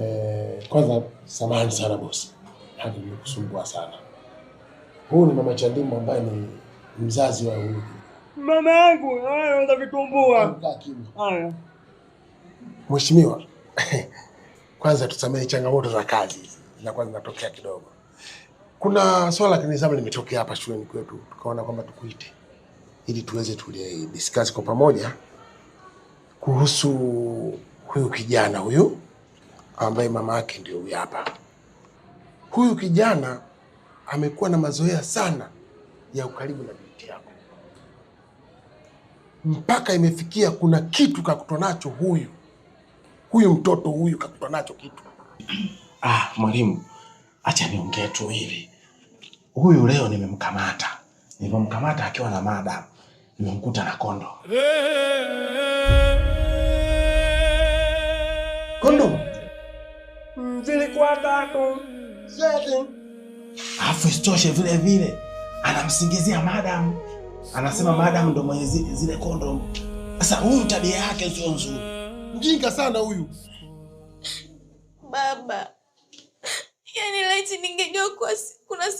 Eh, kwanza samahani sana bosi, hadi nimekusumbua sana. Huyu ni mama Chandimu ambaye ni mzazi wa huyu mama yangu. Haya, utakitumbua. Haya mheshimiwa, kwanza tusamehe changamoto za kazi hizi zinakuwa zinatokea kidogo. Kuna swala kinizama limetokea hapa shuleni kwetu, tukaona kwamba tukuite ili tuweze tulie discuss kwa pamoja kuhusu huyu kijana huyu ambaye mama yake ndio huyu hapa. Huyu kijana amekuwa na mazoea sana ya ukaribu na binti yako, mpaka imefikia kuna kitu kakutwa nacho huyu huyu mtoto huyu kakutwa nacho kitu. Ah, mwalimu, acha niongee tu hivi. Huyu leo nimemkamata, nilipomkamata akiwa na madam nimemkuta na kondo zilikuwa tatu zote. isitoshe vile vile anamsingizia madamu, anasema madamu ndo mwenye zile kondom. Sasa huyu tabia yake sio nzuri, mjinga sana huyu baba. Yani laiti ningejua kuna siku